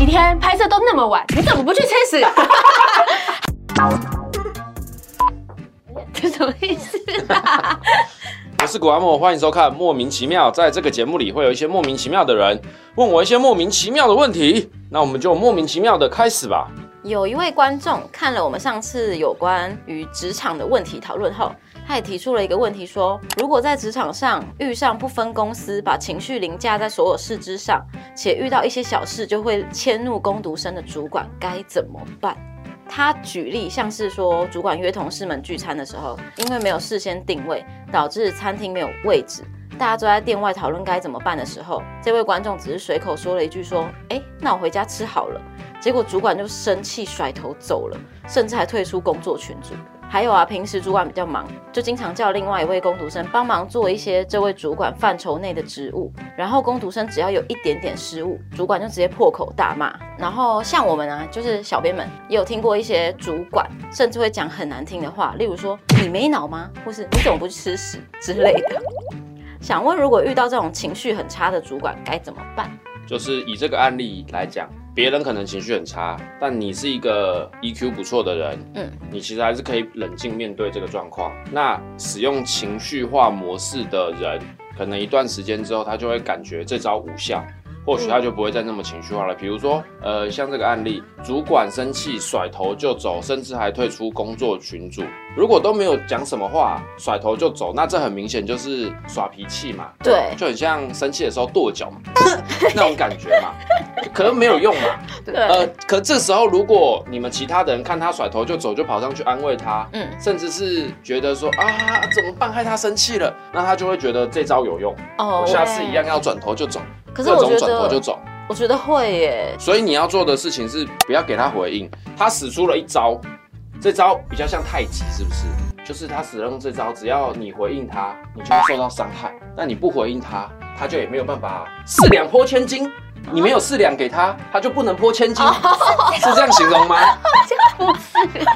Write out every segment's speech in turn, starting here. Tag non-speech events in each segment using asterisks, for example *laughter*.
今天拍攝都那麼晚，你怎麼不去吃屎？ *laughs* *laughs* 這什麼意思啊？ *laughs* 我是古阿莫，歡迎收看《莫名其妙》。在這個節目裡，會有一些莫名其妙的人問我一些莫名其妙的問題，那我們就莫名其妙的開始吧。有一位觀眾看了我們上次有關於職場的問題討論後。他也提出了一個問題說，說如果在職場上遇上不分公私，把情緒凌駕在所有事之上，且遇到一些小事就會遷怒工讀生的主管該怎麼辦？他舉例像是說，主管約同事們聚餐的時候，因為沒有事先定位，導致餐廳沒有位置，大家都在店外討論該怎麼辦的時候，這位觀眾只是隨口說了一句說，哎，那我回家吃好了。結果主管就生氣甩頭走了，甚至還退出工作群組。還有啊，平時主管比較忙，就經常叫另外一位工讀生幫忙做一些這位主管範疇內的職務。然後工讀生只要有一點點失誤，主管就直接破口大罵。然後像我們啊，就是小編們也有聽過一些主管甚至會講很難聽的話，例如說“你沒腦嗎”或是“你怎麼不去吃屎”之類的。想問，如果遇到這種情緒很差的主管，該怎麼辦？就是以這個案例來講。別人可能情緒很差，但你是一個 EQ 不錯的人，嗯，你其實還是可以冷靜面對這個狀況。那使用情緒化模式的人，可能一段時間之後，他就會感覺這招無效。或許他就不會再那麼情緒化了。比如說，呃，像這個案例，主管生氣甩頭就走，甚至還退出工作群組。如果都沒有講什麼話，甩頭就走，那這很明顯就是耍脾氣嘛。對，就很像生氣的時候跺腳嘛， *laughs* 那種感覺嘛。 *laughs* 可能沒有用嘛。對呃，可這時候如果你們其他的人看他甩頭就走，就跑上去安慰他，嗯，甚至是覺得說啊怎麼辦，害他生氣了，那他就會覺得這招有用，哦，oh、我下次一樣要轉頭就走。 *laughs* 可是我各種轉頭就走，我覺得會耶。所以你要做的事情是不要給他回應。他使出了一招，這招比較像太極，是不是？就是他使用這招，只要你回應他，你就會受到傷害。那你不回應他，他就也沒有辦法、啊。四兩撥千斤，你沒有四兩給他，他就不能撥千斤。哦、是這樣形容嗎？哦、這不是。 *laughs*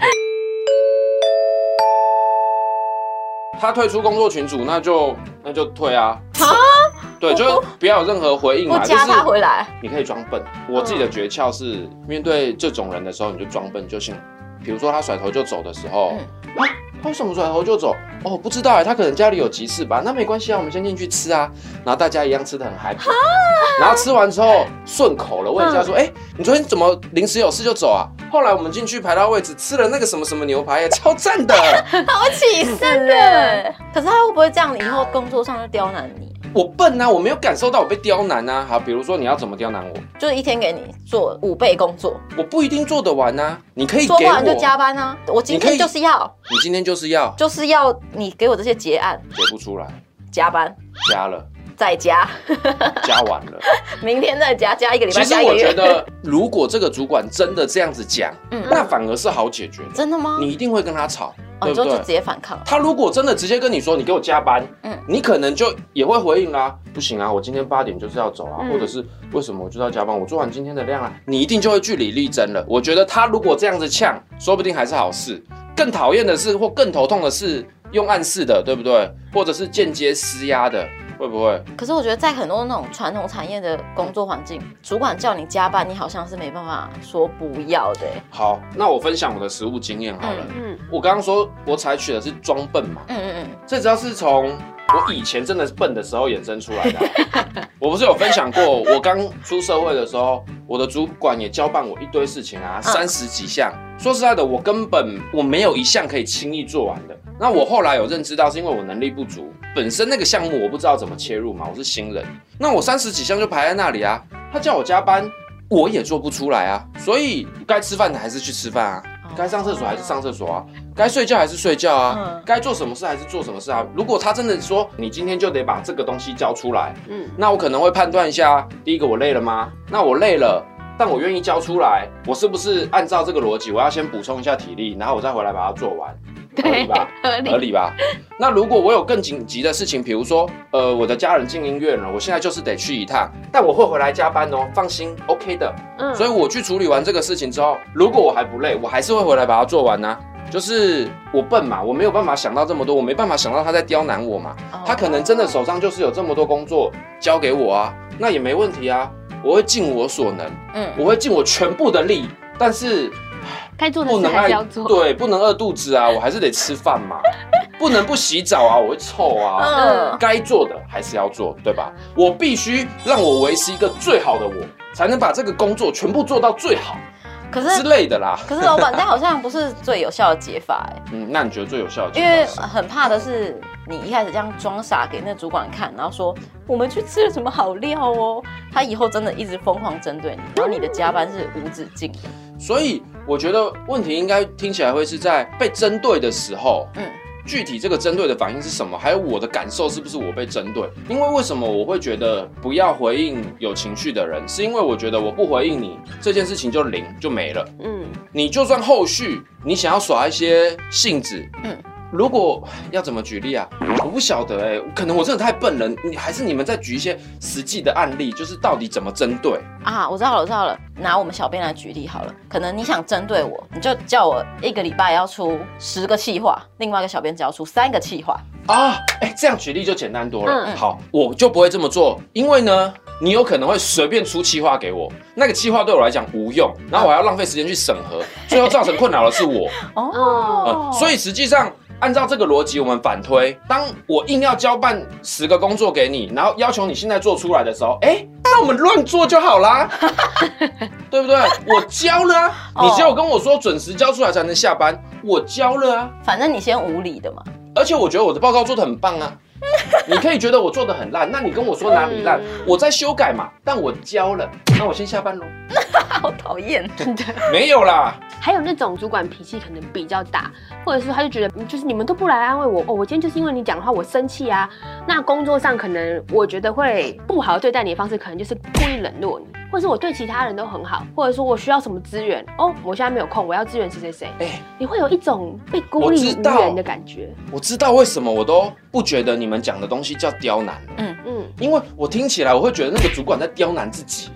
他退出工作群組，那就那就退啊。對，就是不要有任何回應嘛。加他回來，你可以裝笨。嗯、我自己的訣竅是，面對這種人的時候，你就裝笨就行。比如說他甩頭就走的時候，嗯啊、他為什麼甩頭就走？哦，不知道哎、欸，他可能家裡有急事吧。那沒關係啊，我們先進去吃啊。然後大家一樣吃的很嗨，啊、然後吃完之後順口了問一下說，哎、嗯欸，你昨天怎麼臨時有事就走啊？後來我們進去排到位置，吃了那個什麼什麼牛排，超讚的， *laughs* 好起身的。是。可是他會不會這樣，你以後工作上就刁難你？我笨吶、啊，我沒有感受到我被刁難吶、啊。好，比如說你要怎麼刁難我，就是一天給你做五倍工作，我不一定做得完吶、啊。你可以給我做不完就加班啊。我今天就是要，你今天就是要，就是要你給我這些結案，結不出來，加班，加了，再加， *laughs* 加完了，明天再加，加一個禮拜個。其實我覺得，如果這個主管真的這樣子講， *laughs* 那反而是好解決。真的嗎？你一定會跟他吵。對不對？哦、就,就直接反抗了。他如果真的直接跟你說，你給我加班，嗯，你可能就也會回應啦、啊。不行啊，我今天八點就是要走啊，嗯、或者是為什麼我就要加班？我做完今天的量啊，你一定就會據理力爭了。我覺得他如果這樣子嗆，說不定還是好事。更討厭的是，或更頭痛的是，用暗示的，對不對？或者是間接施壓的。會不會？可是我覺得在很多那種傳統產業的工作環境，嗯、主管叫你加班，你好像是沒辦法說不要的、欸。好，那我分享我的實務經驗好了。嗯，嗯我剛剛說我採取的是裝笨嘛。嗯嗯嗯，嗯嗯這只要是從我以前真的是笨的時候衍生出來的。 *laughs* 我不是有分享過，我剛出社會的時候，我的主管也交辦我一堆事情啊，三十、啊、幾項。說實在的，我根本我沒有一項可以輕易做完的。那我後來有認知到，是因為我能力不足，本身那個項目我不知道怎麼切入嘛，我是新人。那我三十幾項就排在那裡啊，他叫我加班，我也做不出來啊。所以該吃飯的還是去吃飯啊，該上廁所還是上廁所啊，該睡覺還是睡覺啊，嗯，該做什麼事還是做什麼事啊。如果他真的說你今天就得把這個東西交出來，嗯，那我可能會判斷一下，第一個我累了嗎？那我累了。但我願意交出來，我是不是按照這個邏輯，我要先補充一下體力，然後我再回來把它做完，可以吧？合理，合理吧？那如果我有更緊急的事情，比如說，呃，我的家人進醫院了，我現在就是得去一趟，但我會回來加班哦，放心，OK 的，嗯。所以我去處理完這個事情之後，如果我還不累，我還是會回來把它做完呢，啊。就是我笨嘛，我沒有辦法想到這麼多，我沒辦法想到他在刁難我嘛，他可能真的手上就是有這麼多工作交給我啊，那也沒問題啊。我會盡我所能，嗯，我會盡我全部的力，但是，不能愛，對，不能餓肚子啊，我還是得吃飯嘛， *laughs* 不能不洗澡啊，我會臭啊，嗯，該做的還是要做，對吧？我必須讓我維持一個最好的我，才能把這個工作全部做到最好，可是之類的啦。可是老闆，但好像不是最有效的解法欸，哎， *laughs* 嗯，那你覺得最有效的解法？因為很怕的是。嗯你一開始這樣裝傻給那主管看，然後說我們去吃了什麼好料哦、喔，他以後真的一直瘋狂針對你，然後你的加班是無止境。所以我覺得問題應該聽起來會是在被針對的時候，嗯，具體這個針對的反應是什麼，還有我的感受是不是我被針對？因為為什麼我會覺得不要回應有情緒的人，是因為我覺得我不回應你這件事情就零就沒了，嗯，你就算後續你想要耍一些性子，嗯如果要怎麼舉例啊？我不曉得哎、欸，可能我真的太笨了。你還是你們在舉一些實際的案例，就是到底怎麼針對啊？我知道了，我知道了，拿我們小編來舉例好了。可能你想針對我，你就叫我一個禮拜要出十個企劃，另外一個小編只要出三個企劃啊？哎、欸，這樣舉例就簡單多了。嗯、好，我就不會這麼做，因為呢，你有可能會隨便出企劃給我，那個企劃對我來講無用，然後我還要浪費時間去審核，最後造成困擾的是我 *laughs* 哦、呃。所以實際上。按照這個邏輯，我們反推：當我硬要交辦十個工作給你，然後要求你現在做出來的時候，誒，那我們亂做就好啦。 *laughs* 對不對？我交了啊，你只有跟我說準時交出來才能下班。我交了啊，反正你先無理的嘛。而且我覺得我的報告做得很棒啊。 *laughs* 你可以覺得我做的很爛，那你跟我說哪裡爛？嗯、我在修改嘛。但我交了，那我先下班嘍。 *laughs* 好討厭厭，真的 *laughs* 沒有啦。還有那種主管脾氣可能比較大，或者是他就覺得就是你們都不來安慰我哦，我今天就是因為你講的話我生氣啊。那工作上可能，我覺得會不好對待你的方式，可能就是故意冷落你，或者是我對其他人都很好，或者說我需要什麼資源哦，我現在沒有空，我要支援誰誰誰。哎、欸，你會有一種被孤立無援的感覺我。我知道為什麼，我都不覺得你們講的東西叫刁難嗯。嗯嗯，因為我聽起來我會覺得那個主管在刁難自己，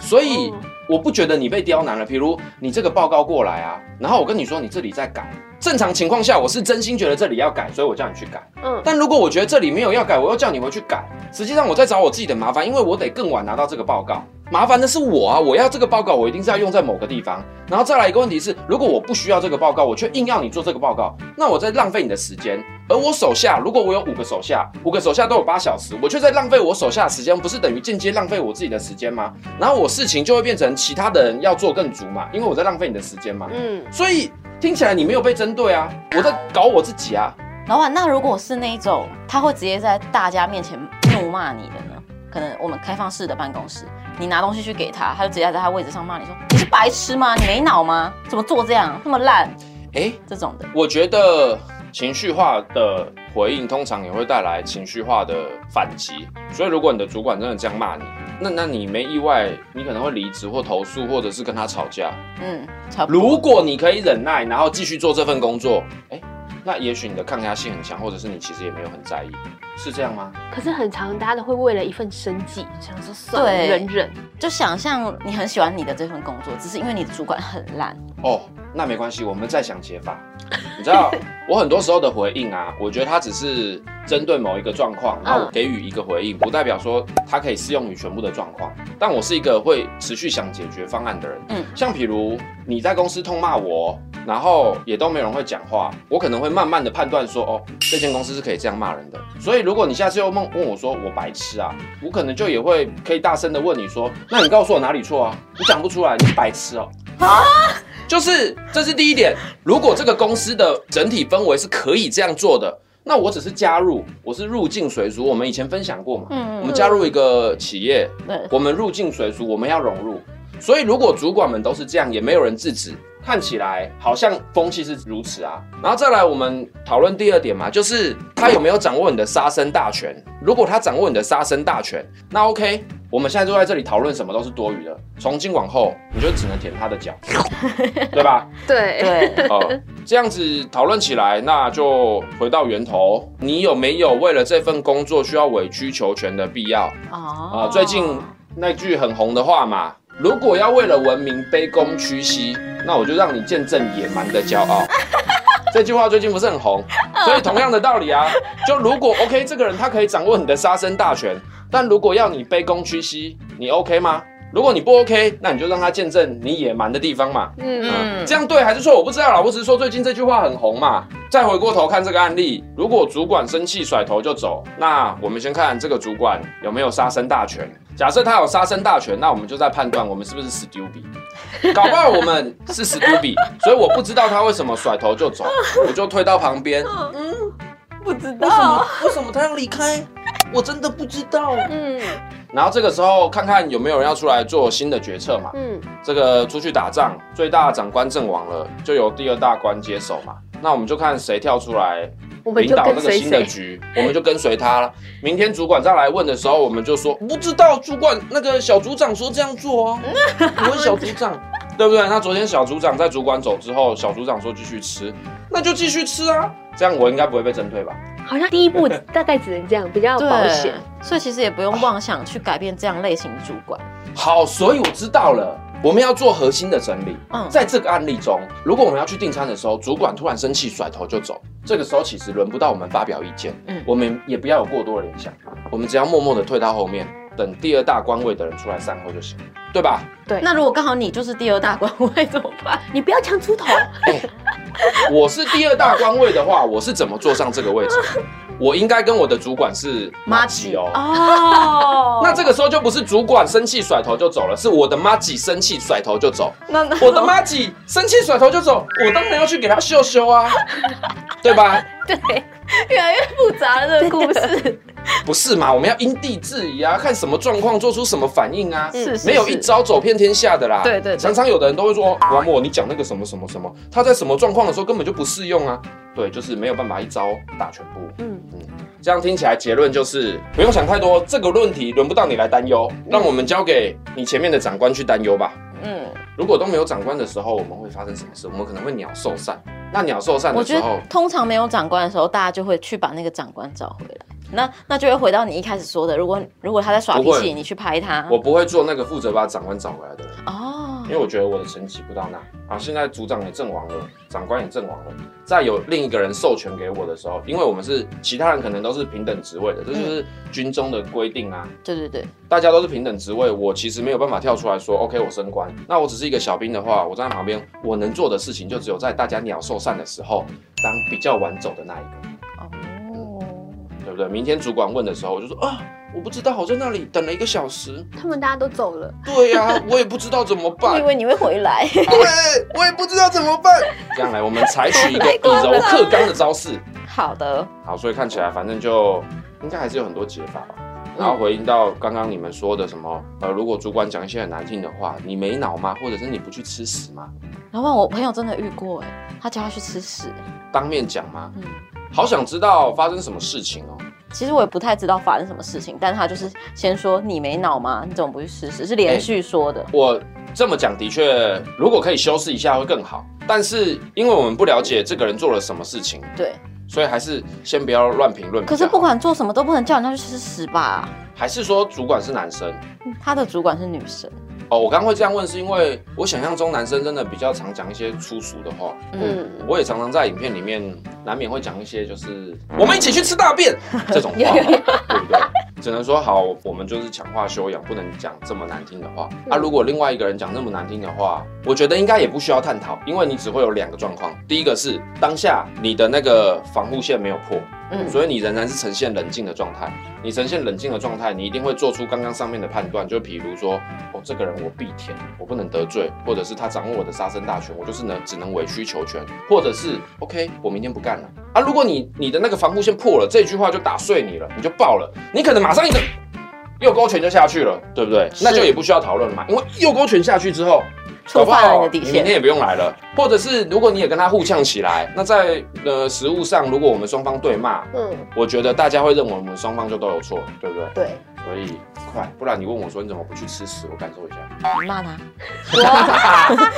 所以。嗯我不覺得你被刁難了，譬如你這個報告過來啊，然後我跟你說你這裡在改，正常情況下我是真心覺得這裡要改，所以我叫你去改。嗯，但如果我覺得這裡沒有要改，我又叫你回去改，實際上我在找我自己的麻煩，因為我得更晚拿到這個報告，麻煩的是我啊，我要這個報告我一定是要用在某個地方，然後再來一個問題是，如果我不需要這個報告，我卻硬要你做這個報告，那我在浪費你的時間。而我手下，如果我有五個手下，五個手下都有八小時，我卻在浪費我手下的時間，不是等於間接浪費我自己的時間嗎？然後我事情就會變成其他的人要做更足嘛，因為我在浪費你的時間嘛。嗯，所以聽起來你沒有被針對啊，我在搞我自己啊。老闆，那如果是那一種，他會直接在大家面前怒罵你的呢？可能我們開放式的辦公室，你拿東西去給他，他就直接在他位置上罵你說：“你是白痴嗎？你沒腦嗎？怎麼做這樣那麼爛？”誒，這種的，我覺得。情緒化的回應通常也會帶來情緒化的反擊，所以如果你的主管真的這樣罵你，那那你沒意外，你可能會離職或投訴，或者是跟他吵架。嗯，吵。如果你可以忍耐，然後繼續做這份工作，哎、欸，那也許你的抗壓性很強，或者是你其實也沒有很在意，是這樣嗎？可是很常，大家都會為了一份生計，想說算了，忍忍對。就想象你很喜歡你的這份工作，只是因為你的主管很爛。哦，那沒關係，我們再想解法。 *laughs* 你知道，我很多時候的回應啊，我覺得它只是針對某一個狀況，然後我給予一個回應，不代表說它可以適用於全部的狀況。但我是一個會持續想解決方案的人。嗯，像譬如你在公司痛罵我，然後也都沒有人會講話，我可能會慢慢的判斷說，哦，這間公司是可以這樣罵人的。所以如果你下次又問問我說，我白痴啊，我可能就也會可以大聲的問你說，那你告訴我哪裡錯啊？你講不出來，你白痴哦、喔。啊。 *laughs* 就是，這是第一點。如果這個公司的整體氛圍是可以這樣做的，那我只是加入，我是入境隨俗。我們以前分享過嘛，嗯，我們加入一個企業，對我們入境隨俗，我們要融入。所以，如果主管們都是這樣，也沒有人制止，看起來好像風氣是如此啊。然後再來，我們討論第二點嘛，就是他有沒有掌握你的殺生大權？如果他掌握你的殺生大權，那 OK。我們現在就在這裡討論什麼都是多餘的，從今往後你就只能舔他的腳。 *laughs* 對吧？對對、呃，哦，這樣子討論起來，那就回到源頭，你有沒有為了這份工作需要委曲求全的必要？啊、oh. 呃，最近那句很紅的話嘛，如果要為了文明卑躬屈膝，那我就讓你見證野蠻的驕傲。哦、 *laughs* 這句話最近不是很紅，所以同樣的道理啊，就如果 OK 這個人他可以掌握你的殺生大權。但如果要你卑躬屈膝，你 OK 嗎？如果你不 OK，那你就讓他見證你野蠻的地方嘛。嗯嗯，嗯這樣對還是錯？我不知道。老布什說最近這句話很紅嘛。再回過頭看這個案例，如果主管生氣甩頭就走，那我們先看這個主管有沒有殺生大權。假設他有殺生大權，那我們就在判斷我們是不是 stupid。搞不好我們是 stupid，所以我不知道他為什麼甩頭就走，我就推到旁邊。嗯，不知道為什為什麼他要離開。我真的不知道。嗯，然後這個時候看看有沒有人要出來做新的決策嘛。嗯，這個出去打仗，最大長官陣亡了，就由第二大官接手嘛。那我們就看誰跳出來領導那個新的局，我們，我們就跟隨他了。明天主管再來問的時候，嗯、我們就說不知道。主管那個小組長說這樣做哦， *laughs* 你問小組長， *laughs* 對不對？那昨天小組長在主管走之後，小組長說繼續吃，那就繼續吃啊。這樣我應該不會被針對吧？好像第一步大概只能這樣，比較保險， *laughs* 所以其實也不用妄想去改變這樣類型主管。好，所以我知道了，我們要做核心的整理。嗯，在這個案例中，如果我們要去訂餐的時候，主管突然生氣甩頭就走，這個時候其實輪不到我們發表意見，嗯，我們也不要有過多的聯想，我們只要默默地退到後面。等第二大官位的人出來散後就行對吧？對。那如果剛好你就是第二大官位怎麼辦？你不要搶出頭、 *laughs* 哦。我是第二大官位的話，我是怎麼坐上這個位置？ *laughs* 我應該跟我的主管是媽 a 哦。哦 *laughs* 那這個時候就不是主管生氣甩頭就走了，是我的媽 a 生氣甩頭就走。那，那我的媽 a 生氣甩頭就走，我當然要去給他秀秀啊， *laughs* 對吧？對。越來越複雜的故事， *laughs* 對啊、不是嘛？我們要因地制宜啊，看什麼狀況做出什麼反應啊，嗯、是是是沒有一招走遍天下的啦。嗯、對對，對，常常有的人都會說，王默、嗯，你講那個什麼什麼什麼，他在什麼狀況的時候根本就不適用啊。對，就是沒有辦法一招打全部。嗯嗯，這樣聽起來結論就是不用想太多，這個問題輪不到你來擔憂，讓我們交給你前面的長官去擔憂吧。嗯。如果都沒有長官的時候，我們會發生什麼事？我們可能會鳥獸散。那鳥獸散的時候，我覺得通常沒有長官的時候，大家就會去把那個長官找回來。那那就會回到你一開始說的，如果如果他在耍脾氣，不會，你去拍他，我不會做那個負責把長官找回來的人。哦。Oh. 因為我覺得我的成績不到那，啊，現在組長也陣亡了，長官也陣亡了，再有另一個人授權給我的時候，因為我們是其他人可能都是平等職位的，嗯。這就是軍中的規定啊。對對對，大家都是平等職位，我其實沒有辦法跳出來說，OK，我升官。那我只是一個小兵的話，我站在旁邊我能做的事情就只有在大家鳥獸散的時候，當比較晚走的那一個。哦，對不對？明天主管問的時候，我就說啊。我不知道，我在那裡等了一個小時，他們大家都走了。對呀、啊，我也不知道怎麼辦。 *laughs* 我以為你會回來。 *laughs* 對，我也不知道怎麼辦。 *laughs* 這樣來，我們採取一個以柔 *laughs* 了克剛的招式。 *laughs* 好的。好，所以看起來反正就應該還是有很多解法吧。嗯、然後回應到剛剛你們說的什麼，呃，如果主管講一些很難聽的話，你沒腦嗎？或者是你不去吃屎嗎？然後我朋友真的遇過、欸，哎，他叫他去吃屎。當面講嗎？嗯、好想知道發生什麼事情哦、喔。其實我也不太知道發生什麼事情，但是他就是先說你沒腦嗎？你怎麼不去吃屎？是連續說的。欸、我這麼講的確，如果可以修飾一下會更好，但是因為我們不了解這個人做了什麼事情，對，所以還是先不要亂評論。可是不管做什麼都不能叫人家去吃屎吧？還是說主管是男生？他的主管是女生。哦，我剛會這樣問，是因為我想象中男生真的比較常講一些粗俗的話。嗯，我也常常在影片裡面難免會講一些，就是、嗯、我們一起去吃大便 *laughs* 這種話， *laughs* 對不對？ *laughs* 只能說好，我們就是強化修養，不能講這麼難聽的話。那、嗯啊、如果另外一個人講那麼難聽的話，我覺得應該也不需要探討，因為你只會有兩個狀況：第一個是當下你的那個防護線沒有破。嗯，所以你仍然是呈現冷靜的狀態，你呈現冷靜的狀態，你一定會做出剛剛上面的判斷，就比如說，哦，這個人我必舔，我不能得罪，或者是他掌握我的殺生大權，我就是能只能委曲求全，或者是 OK，我明天不幹了啊。如果你你的那個防護線破了，這句話就打碎你了，你就爆了，你可能馬上一個右勾拳就下去了，對不對？那就也不需要討論了嘛，因為右勾拳下去之後。有的底線，搞不好你明天也不用來了。 *laughs* 或者是如果你也跟他互嗆起來，那在呃食物上，如果我們雙方對罵，嗯，我覺得大家會認為我們雙方就都有錯，對不對？對，所以快，不然你問我說你怎麼不去吃屎，我感受一下。你罵、啊、他，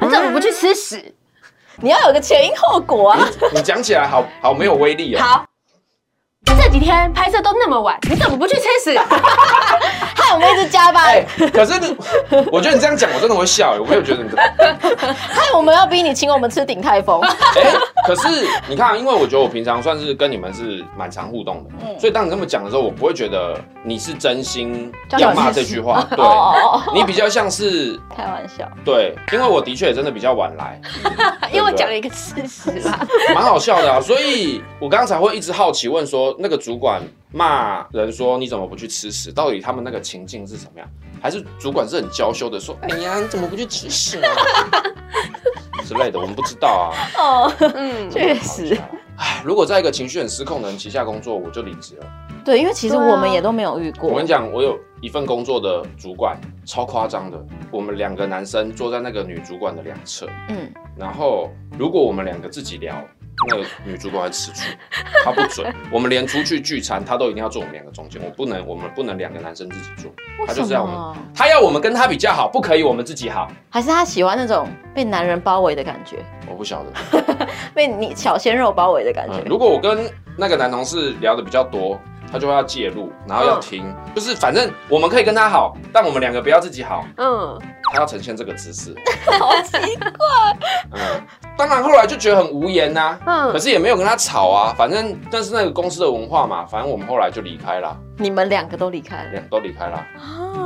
你怎麼不去吃屎？你要有個前因後果啊！ *laughs* 你講起來好好沒有威力啊、欸！好，這幾天拍攝都那麼晚，你怎麼不去吃屎？ *laughs* 我們一直加班、欸。可是你， *laughs* 我覺得你這樣講，我真的會笑、欸。我沒有覺得你。害我們要逼你請我們吃鼎泰豐。可是你看，因為我覺得我平常算是跟你們是蠻常互動的，嗯、所以當你這麼講的時候，我不會覺得你是真心要罵這句話。對，哦哦哦哦你比較像是開玩笑。對，因為我的確也真的比較晚來。 *laughs* 因為我講了一個事實蠻好笑的啊。所以，我剛才會一直好奇問說，那個主管。罵人說你怎麼不去吃屎？到底他們那個情境是什麼樣？還是主管是很嬌羞的說，哎呀你怎麼不去吃屎啊？之類 *laughs* 的，我們不知道啊。哦、嗯，確實。哎，如果在一個情緒很失控的人旗下工作，我就離職了。對，因為其實我們也都沒有遇過。啊、我跟你講，我有一份工作的主管超誇張的，我們兩個男生坐在那個女主管的兩側，嗯，然後如果我們兩個自己聊。 *laughs* 那個女主管還吃醋，她不准我們連出去聚餐，她都一定要坐我們兩個中間，我不能，我們不能兩個男生自己坐。她就是要我們。啊、她要我們跟她比較好，不可以我們自己好。還是她喜歡那種被男人包圍的感覺？我不曉得， *laughs* 被你小鮮肉包圍的感覺、嗯。如果我跟那個男同事聊得比較多。他就會要介入，然後要聽，嗯、就是反正我們可以跟他好，但我們兩個不要自己好。嗯，他要呈現這個姿勢，哦，好奇怪。嗯，當然後來就覺得很無言啊，嗯，可是也沒有跟他吵啊，反正但是那個公司的文化嘛，反正我們後來就離開了。你們兩個都離開了，都離開了。哦。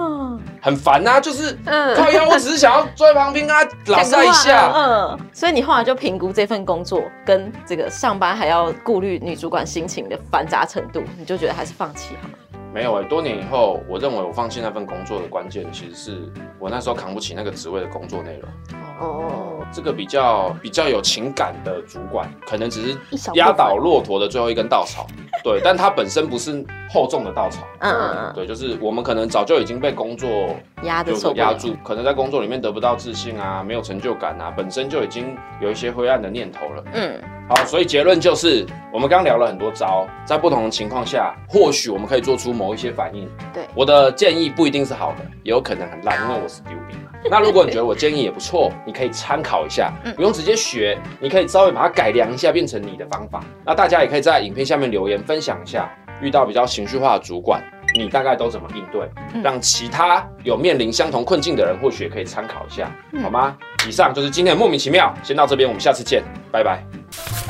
很煩吶、啊，就是靠腰。我只是想要坐在旁邊啊，老實 *laughs* 一下。嗯。 *laughs* 所以你後來就評估這份工作跟這個上班還要顧慮女主管心情的繁雜程度，你就覺得還是放棄好。沒有哎、欸，多年以後，我認為我放棄那份工作的關鍵，其實是我那時候扛不起那個職位的工作內容。哦、oh. 嗯。這個比較比較有情感的主管，可能只是壓倒駱駝的最後一根稻草。 *laughs* 對，但它本身不是厚重的稻草。嗯，嗯嗯，對，就是我們可能早就已經被工作壓住壓住，可能在工作裡面得不到自信啊，沒有成就感啊，本身就已經有一些灰暗的念頭了。嗯。好，所以結論就是，我們剛聊了很多招，在不同的情況下，或許我們可以做出某一些反應。對，我的建議不一定是好的，也有可能很爛，因為我是丟兵嘛。 *laughs* 那如果你覺得我建議也不錯，你可以參考一下，嗯、不用直接學，你可以稍微把它改良一下，變成你的方法。那大家也可以在影片下面留言分享一下，遇到比較情緒化的主管，你大概都怎麼應對，嗯、讓其他有面臨相同困境的人或許也可以參考一下，嗯、好嗎？以上就是今天的莫名其妙，先到這邊，我們下次見，拜拜。